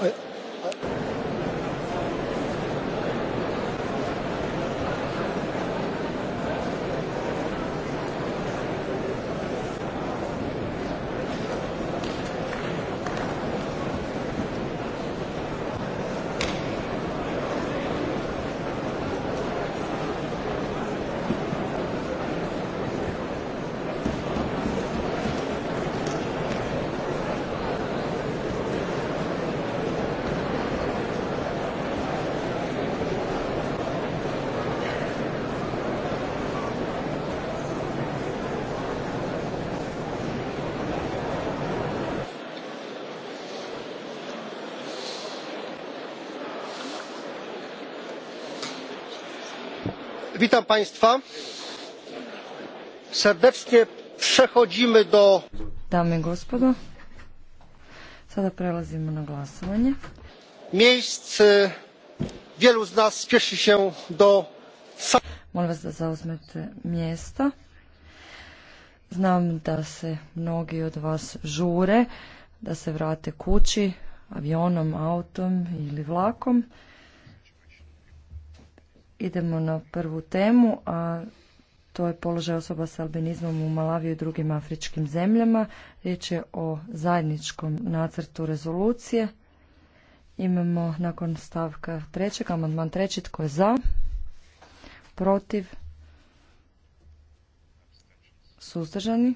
aj witam państwa serdecznie przechodzimy do dame i gospodo sada prelazimo na glasovanje miejsc wielu z nas spieszy do molim vas da zauzmete mjesta znam da se mnogi od vas žure da se vrate kući avionom autom ili vlakom Idemo na prvu temu, a to je položaj osoba s albinizmom u Malaviju i drugim afričkim zemljama. Riječ je o zajedničkom nacrtu rezolucije. Imamo nakon stavka trećeg, amandman treći, tko je za, protiv, suzdržani.